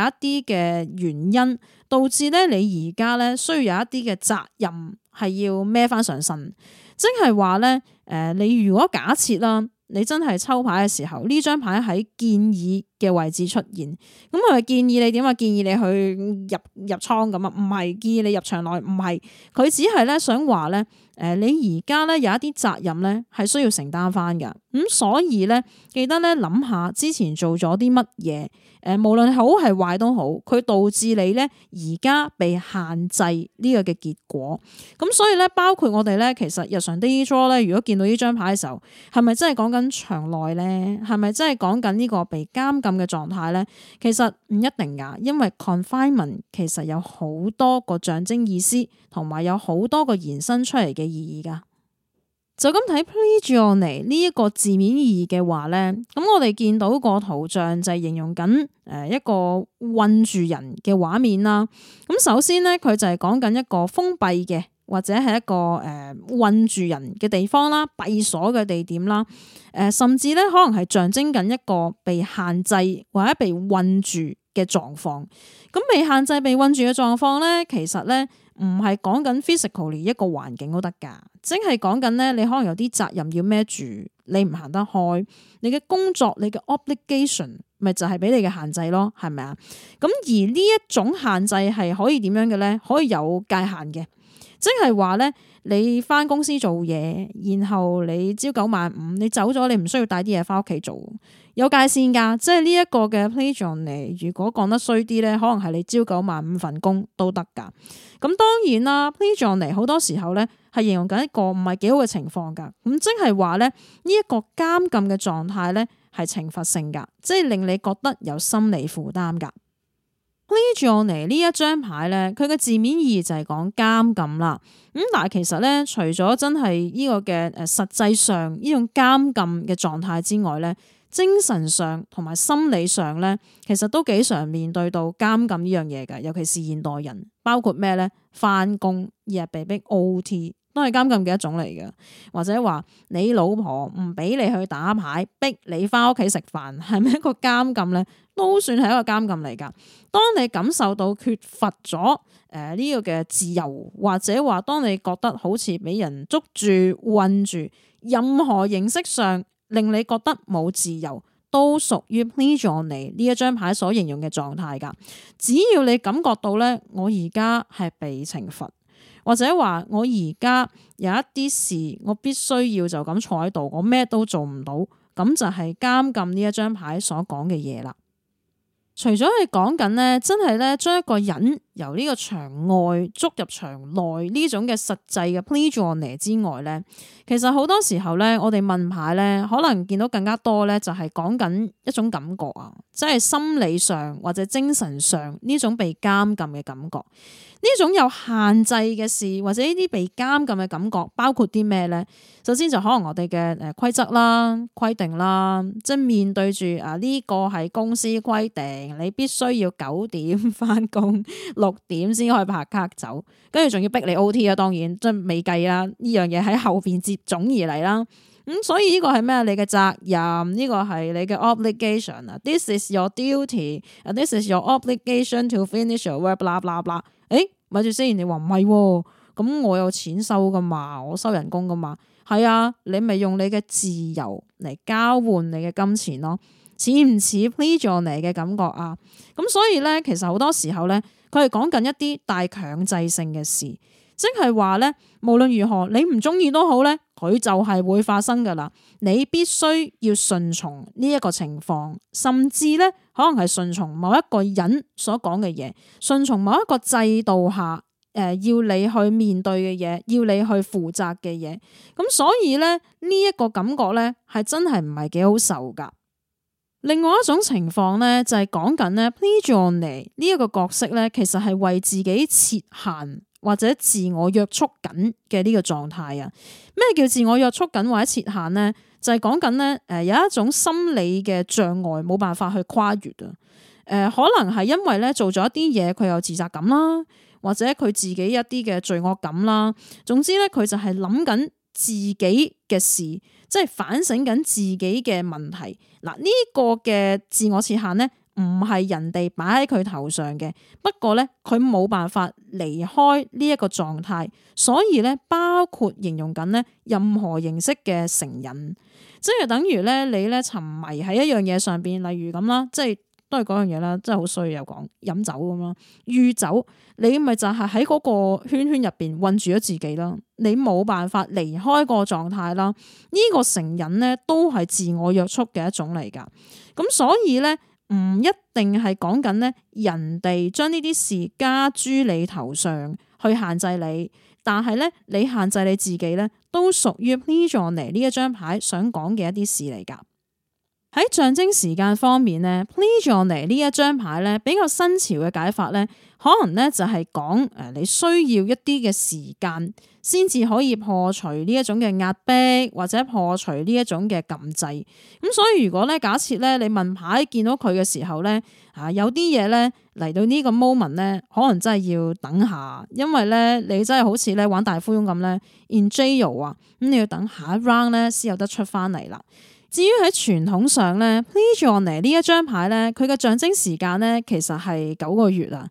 [SPEAKER 1] 啲嘅原因，導致咧你而家咧需要有一啲嘅責任係要孭翻上身，即係話咧，誒，你如果假設啦，你真係抽牌嘅時候，呢張牌喺建議嘅位置出現，咁佢咪建議你點啊？建議你去入入倉咁啊？唔係建議你入場內，唔係，佢只係咧想話咧。誒，你而家咧有一啲責任咧，係需要承擔翻㗎。咁所以咧，記得咧諗下之前做咗啲乜嘢。誒，無論好係壞都好，佢導致你咧而家被限制呢個嘅結果。咁所以咧，包括我哋咧，其實日常啲 draw 咧，如果見到呢張牌嘅時候，係咪真係講緊場內咧？係咪真係講緊呢個被監禁嘅狀態咧？其實唔一定㗎，因為 confinement 其實有好多個象徵意思，同埋有好多個延伸出嚟嘅。意義噶就咁睇。Plejioni 呢一個字面意義嘅話咧，咁我哋見到個圖像就係形容緊誒一個困住人嘅畫面啦。咁首先咧，佢就係講緊一個封閉嘅或者係一個誒困住人嘅地方啦，閉鎖嘅地點啦，誒甚至咧可能係象徵緊一個被限制或者被困住嘅狀況，咁未限制被困住嘅狀況咧，其實咧唔係講緊 physically 一個環境都得噶，即係講緊咧，你可能有啲責任要孭住，你唔行得開，你嘅工作、你嘅 obligation，咪就係俾你嘅限制咯，係咪啊？咁而呢一種限制係可以點樣嘅咧？可以有界限嘅，即係話咧。你翻公司做嘢，然後你朝九晚五，你走咗，你唔需要帶啲嘢翻屋企做，有界線噶，即係呢一個嘅 pleasure 嚟。如果講得衰啲咧，可能係你朝九晚五份工都得噶。咁當然啦，pleasure 嚟好多時候咧係形容緊一個唔係幾好嘅情況噶。咁即係話咧，呢一個監禁嘅狀態咧係懲罰性噶，即係令你覺得有心理負擔噶。呢住我嚟呢一張牌咧，佢嘅字面意義就係講監禁啦。咁、嗯、但係其實咧，除咗真係呢個嘅誒實際上呢種監禁嘅狀態之外咧，精神上同埋心理上咧，其實都幾常面對到監禁呢樣嘢㗎，尤其是現代人，包括咩咧，翻工日日被逼 OT。OT 都係監禁嘅一種嚟嘅，或者話你老婆唔俾你去打牌，逼你翻屋企食飯，係咪一個監禁咧？都算係一個監禁嚟噶。當你感受到缺乏咗誒呢個嘅自由，或者話當你覺得好似俾人捉住韞住，任何形式上令你覺得冇自由，都屬於呢種你呢一張牌所形容嘅狀態噶。只要你感覺到咧，我而家係被懲罰。或者話我而家有一啲事我須，我必須要就咁坐喺度，我咩都做唔到，咁就係監禁呢一張牌所講嘅嘢啦。除咗係講緊呢，真係呢將一個人。由呢個場外捉入場內呢種嘅實際嘅 pleasure 之外呢，其實好多時候呢，我哋問牌呢，可能見到更加多呢，就係講緊一種感覺啊，即係心理上或者精神上呢種被監禁嘅感覺，呢種有限制嘅事或者呢啲被監禁嘅感覺，包括啲咩呢？首先就可能我哋嘅誒規則啦、規定啦，即係面對住啊呢個係公司規定，你必須要九點翻工。 點先可以拍卡走，跟住仲要逼你 OT 啊。當然即係未計啦，呢樣嘢喺後邊接踵而嚟啦。咁、嗯、所以呢個係咩？你嘅責任呢、呢個係你嘅 obligation 啊。This is your duty, this is your obligation to finish your work。blah, blah, blah。blah 誒，咪住先，你話唔係咁，哦、我有錢收噶嘛？我收人工噶嘛？係啊，你咪用你嘅自由嚟交換你嘅金錢咯，似唔似 pleasure 嚟嘅感覺啊？咁、嗯、所以咧，其實好多時候咧。佢係講緊一啲帶強制性嘅事，即係話咧，無論如何你唔中意都好咧，佢就係會發生噶啦。你必須要順從呢一個情況，甚至咧可能係順從某一個人所講嘅嘢，順從某一個制度下，誒、呃、要你去面對嘅嘢，要你去負責嘅嘢。咁所以咧呢一、這個感覺咧係真係唔係幾好受噶。另外一種情況咧，就係講緊咧，pleasure 呢，呢一個角色咧，其實係為自己設限或者自我約束緊嘅呢個狀態啊。咩叫自我約束緊或者設限咧？就係講緊咧，誒，有一種心理嘅障礙，冇辦法去跨越啊。誒、呃，可能係因為咧做咗一啲嘢，佢有自責感啦，或者佢自己一啲嘅罪惡感啦。總之咧，佢就係諗緊自己嘅事。即係反省緊自己嘅問題，嗱、這、呢個嘅自我設限咧，唔係人哋擺喺佢頭上嘅，不過咧佢冇辦法離開呢一個狀態，所以咧包括形容緊咧任何形式嘅成癮，即係等於咧你咧沉迷喺一樣嘢上邊，例如咁啦，即係。都係嗰樣嘢啦，真係好衰又講飲酒咁咯。酗酒你咪就係喺嗰個圈圈入邊困住咗自己啦，你冇辦法離開個狀態啦。呢個成癮咧都係自我約束嘅一種嚟噶。咁所以咧唔一定係講緊咧人哋將呢啲事加諸你頭上去限制你，但係咧你限制你自己咧都屬於呢座嚟呢一張牌想講嘅一啲事嚟噶。喺象徵時間方面咧 Pleasure 呢一張牌咧，比較新潮嘅解法咧，可能咧就係講誒，你需要一啲嘅時間，先至可以破除呢一種嘅壓迫，或者破除呢一種嘅禁制。咁所以如果咧假設咧你問牌見到佢嘅時候咧，啊有啲嘢咧嚟到呢個 moment 咧，可能真係要等下，因為咧你真係好似咧玩大富翁咁咧，in jail 啊，咁你要等下一 round 咧先有得出翻嚟啦。至於喺傳統上咧，Pleasure 呢一張牌咧，佢嘅象徵時間咧，其實係九個月啊。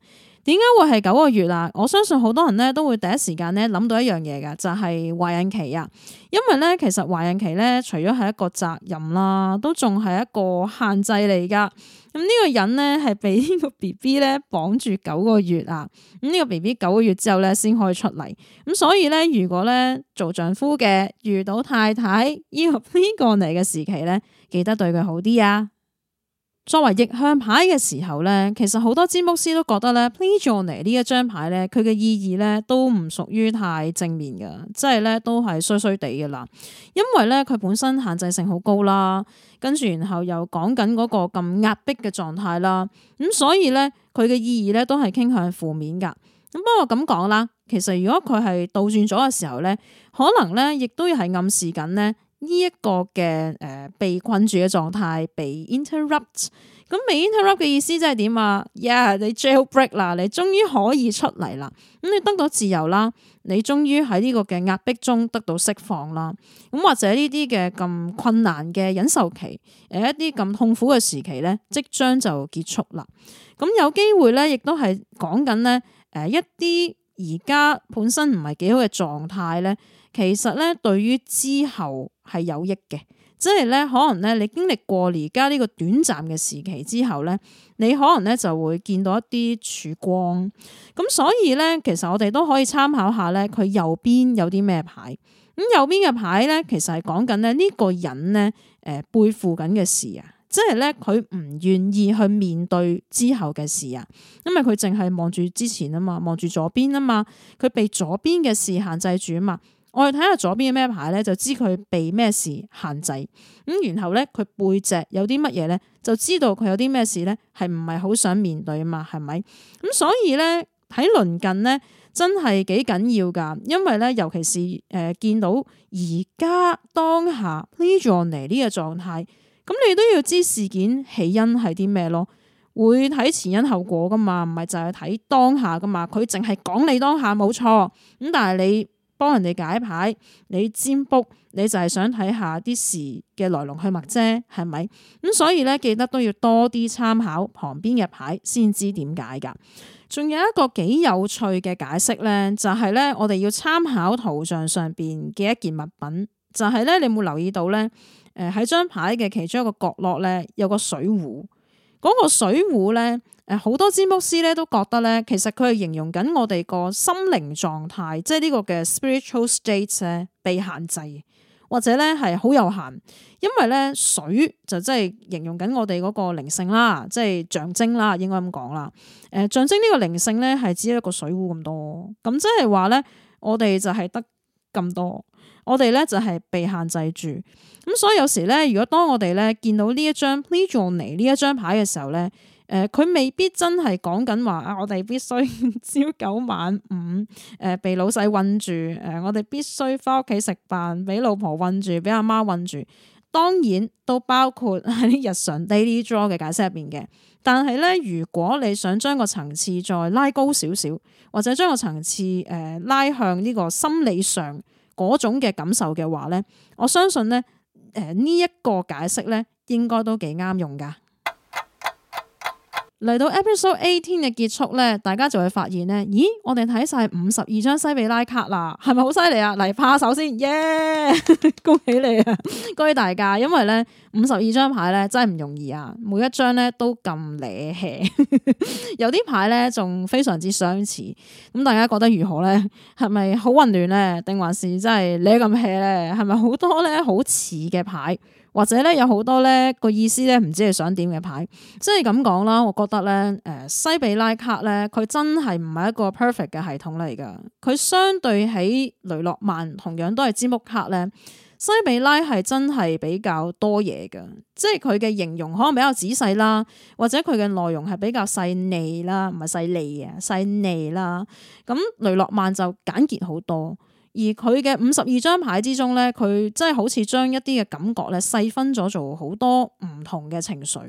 [SPEAKER 1] 點解會係九個月啊？我相信好多人咧都會第一時間咧諗到一樣嘢噶，就係、是、懷孕期啊！因為咧，其實懷孕期咧，除咗係一個責任啦，都仲係一個限制嚟噶。咁呢個人咧係俾呢個 B B 咧綁住九個月啊！咁呢個 B B 九個月之後咧先可以出嚟。咁所以咧，如果咧做丈夫嘅遇到太太要呢個嚟嘅時期咧，記得對佢好啲啊！作為逆向牌嘅時候咧，其實好多占卜師都覺得咧，Please join 呢一張牌咧，佢嘅意義咧都唔屬於太正面嘅，即係咧都係衰衰地嘅啦。因為咧佢本身限制性好高啦，跟住然後又講緊嗰個咁壓迫嘅狀態啦，咁、嗯、所以咧佢嘅意義咧都係傾向負面噶。咁不過咁講啦，其實如果佢係倒轉咗嘅時候咧，可能咧亦都係暗示緊咧。呢一個嘅，誒、呃、被困住嘅狀態被 interrupt 咁未 interrupt 嘅意思即係點啊？yeah，你 jailbreak 啦，你終於可以出嚟啦。咁你得到自由啦，你終於喺呢個嘅壓迫中得到釋放啦。咁或者呢啲嘅咁困難嘅忍受期，誒一啲咁痛苦嘅時期咧，即將就結束啦。咁有機會咧，亦都係講緊咧，誒、呃、一啲而家本身唔係幾好嘅狀態咧，其實咧對於之後。係有益嘅，即係咧，可能咧，你經歷過而家呢個短暫嘅時期之後咧，你可能咧就會見到一啲曙光。咁所以咧，其實我哋都可以參考下咧，佢右邊有啲咩牌？咁右邊嘅牌咧，其實係講緊咧，呢個人咧，誒背負緊嘅事啊，即係咧，佢唔願意去面對之後嘅事啊，因為佢淨係望住之前啊嘛，望住左邊啊嘛，佢被左邊嘅事限制住啊嘛。我哋睇下左邊嘅咩牌咧，就知佢被咩事限制。咁、嗯、然後咧，佢背脊有啲乜嘢咧，就知道佢有啲咩事咧，係唔係好想面對啊？嘛，係咪？咁、嗯、所以咧，睇鄰近咧，真係幾緊要噶。因為咧，尤其是誒、呃、見到而家當下呢座呢個狀態，咁、嗯、你都要知事件起因係啲咩咯？會睇前因後果噶嘛？唔係就係睇當下噶嘛？佢淨係講你當下冇錯。咁、嗯、但係你。幫人哋解牌，你占卜你就係想睇下啲事嘅來龍去脈啫，係咪？咁所以咧，記得都要多啲參考旁邊嘅牌，先知點解噶。仲有一個幾有趣嘅解釋咧，就係咧，我哋要參考圖像上邊嘅一件物品，就係咧，你冇留意到咧？誒喺張牌嘅其中一個角落咧，有個水壺，嗰個水壺咧。誒，好多占卜師咧都覺得咧，其實佢係形容緊我哋個心靈狀態，即係呢個嘅 spiritual states 咧被限制，或者咧係好有限，因為咧水就即係形容緊我哋嗰個靈性啦，即係象徵啦，應該咁講啦。誒，象徵呢個靈性咧係指一個水壺咁多，咁即係話咧，我哋就係得咁多，我哋咧就係被限制住。咁所以有時咧，如果當我哋咧見到呢一張 p、n、i o n 呢一張牌嘅時候咧。誒，佢、呃、未必真係講緊話啊，我哋必須朝九晚五，誒，被老細困住，誒、呃，我哋必須翻屋企食飯，俾老婆困住，俾阿媽困住，當然都包括喺日常 daily draw 嘅解釋入邊嘅。但係咧，如果你想將個層次再拉高少少，或者將個層次誒、呃、拉向呢個心理上嗰種嘅感受嘅話咧，我相信咧，誒呢一個解釋咧，應該都幾啱用噶。.嚟到 Episode Eighteen 嘅結束咧，大家就會發現咧，咦，我哋睇晒五十二張西比拉卡啦，係咪好犀利啊？嚟拍手先，耶、yeah! 恭喜你啊，恭 喜大家！因為咧，五十二張牌咧真係唔容易啊，每一張咧都咁惹氣， 有啲牌咧仲非常之相似。咁大家覺得如何咧？係咪好混亂咧？定還是真係惹咁氣咧？係咪好多咧好似嘅牌？或者咧有好多咧個意思咧，唔知你想點嘅牌，即係咁講啦。我覺得咧，誒西比拉克咧，佢真係唔係一個 perfect 嘅系統嚟噶。佢相對起雷諾曼同樣都係支木克咧，西比拉係真係比較多嘢嘅，即係佢嘅形容可能比較仔細啦，或者佢嘅內容係比較細膩啦，唔係細膩嘅。細膩啦。咁雷諾曼就簡潔好多。而佢嘅五十二張牌之中咧，佢真係好似將一啲嘅感覺咧，細分咗做好多唔同嘅情緒，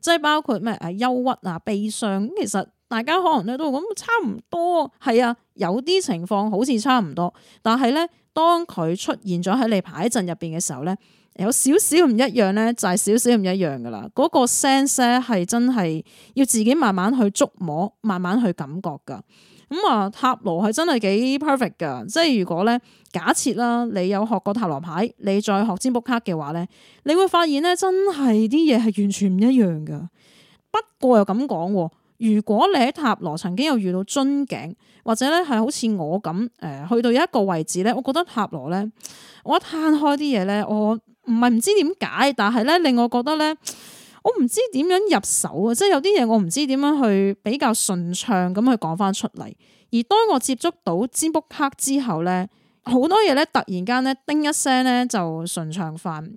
[SPEAKER 1] 即係包括咩啊，憂鬱啊悲傷咁。其實大家可能咧都咁差唔多，係啊，有啲情況好似差唔多，但係咧當佢出現咗喺你牌陣入邊嘅時候咧，有少少唔一樣咧，就係少少唔一樣噶啦。嗰個 sense 係真係要自己慢慢去觸摸，慢慢去感覺噶。咁啊，塔羅係真係幾 perfect 噶，即係如果咧假設啦，你有學過塔羅牌，你再學占卜卡嘅話咧，你會發現咧真係啲嘢係完全唔一樣噶。不過又咁講，如果你喺塔羅曾經有遇到樽頸，或者咧係好似我咁誒、呃，去到一個位置咧，我覺得塔羅咧，我一攤開啲嘢咧，我唔係唔知點解，但係咧令我覺得咧。我唔知點樣入手啊！即係有啲嘢我唔知點樣去比較順暢咁去講返出嚟。而當我接觸到詹布克之後咧，好多嘢咧突然間咧叮一聲咧就順暢返。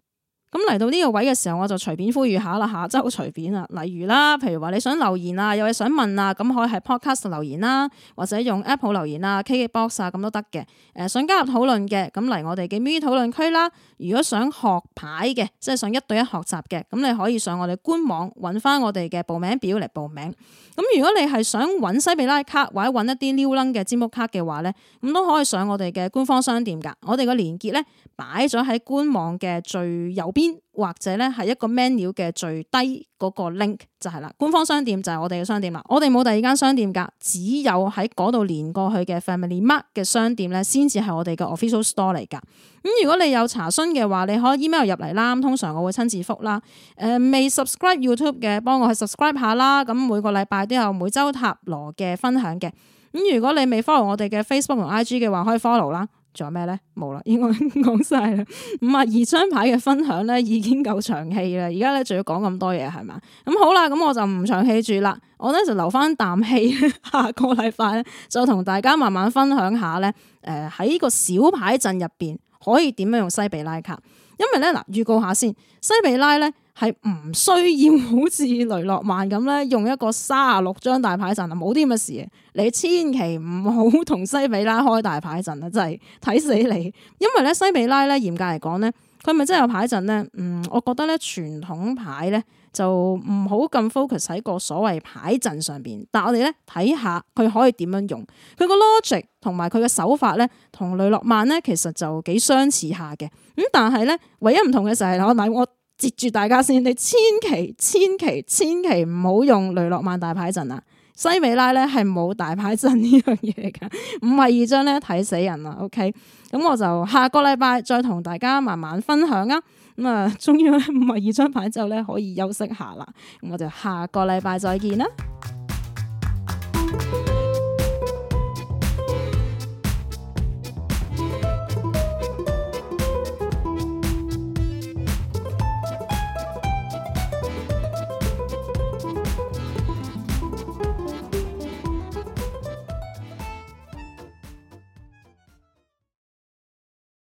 [SPEAKER 1] 咁嚟到呢個位嘅時候，我就隨便呼籲下啦嚇，真係好隨便啊！例如啦，譬如話你想留言啊，有嘢想問啊，咁可以喺 podcast 留言啦，或者用 Apple 留言啊，KKBox 啊咁都得嘅。誒、呃，想加入討論嘅，咁嚟我哋嘅 MIUI 討論區啦。如果想學牌嘅，即係想一對一學習嘅，咁你可以上我哋官網揾翻我哋嘅報名表嚟報名。咁如果你係想揾西比拉卡或者揾一啲 new 楞嘅占卜卡嘅話咧，咁都可以上我哋嘅官方商店㗎。我哋個連結咧擺咗喺官網嘅最右邊。或者咧，係一個 menu 嘅最低嗰個 link 就係啦，官方商店就係我哋嘅商店啦。我哋冇第二間商店噶，只有喺嗰度連過去嘅 family mark 嘅商店咧，先至係我哋嘅 official store 嚟噶。咁如果你有查詢嘅話，你可以 email 入嚟啦，通常我會親自覆啦。誒，未 subscribe YouTube 嘅，幫我去 subscribe 下啦。咁每個禮拜都有每周塔羅嘅分享嘅。咁如果你未 follow 我哋嘅 Facebook 同 IG 嘅話，可以 follow 啦。仲有咩咧？冇啦，應該已經講晒啦。五十二張牌嘅分享咧已經夠長氣啦。而家咧仲要講咁多嘢係咪？咁好啦，咁我就唔長氣住啦。我咧就留翻啖氣，下個禮拜咧就同大家慢慢分享下咧。誒，喺呢個小牌陣入邊可以點樣用西比拉卡？因為咧嗱，預告下先，西比拉咧。係唔需要好似雷諾曼咁咧，用一個三十六張大牌陣啊，冇啲咁嘅事。你千祈唔好同西比拉開大牌陣啊，真係睇死你！因為咧西比拉咧，嚴格嚟講咧，佢係咪真係有牌陣咧？嗯，我覺得咧傳統牌咧就唔好咁 focus 喺個所謂牌陣上邊。但係我哋咧睇下佢可以點樣用佢個 logic 同埋佢嘅手法咧，同雷諾曼咧其實就幾相似下嘅。咁但係咧唯一唔同嘅就係我，但我。接住大家先，你千祈千祈千祈唔好用雷諾曼大牌陣啊。西美拉咧係冇大牌陣呢樣嘢噶，五十二張咧睇死人啦，OK，咁我就下個禮拜再同大家慢慢分享啊，咁啊，終於咧五十二張牌之後咧可以休息下啦，咁我就下個禮拜再見啦。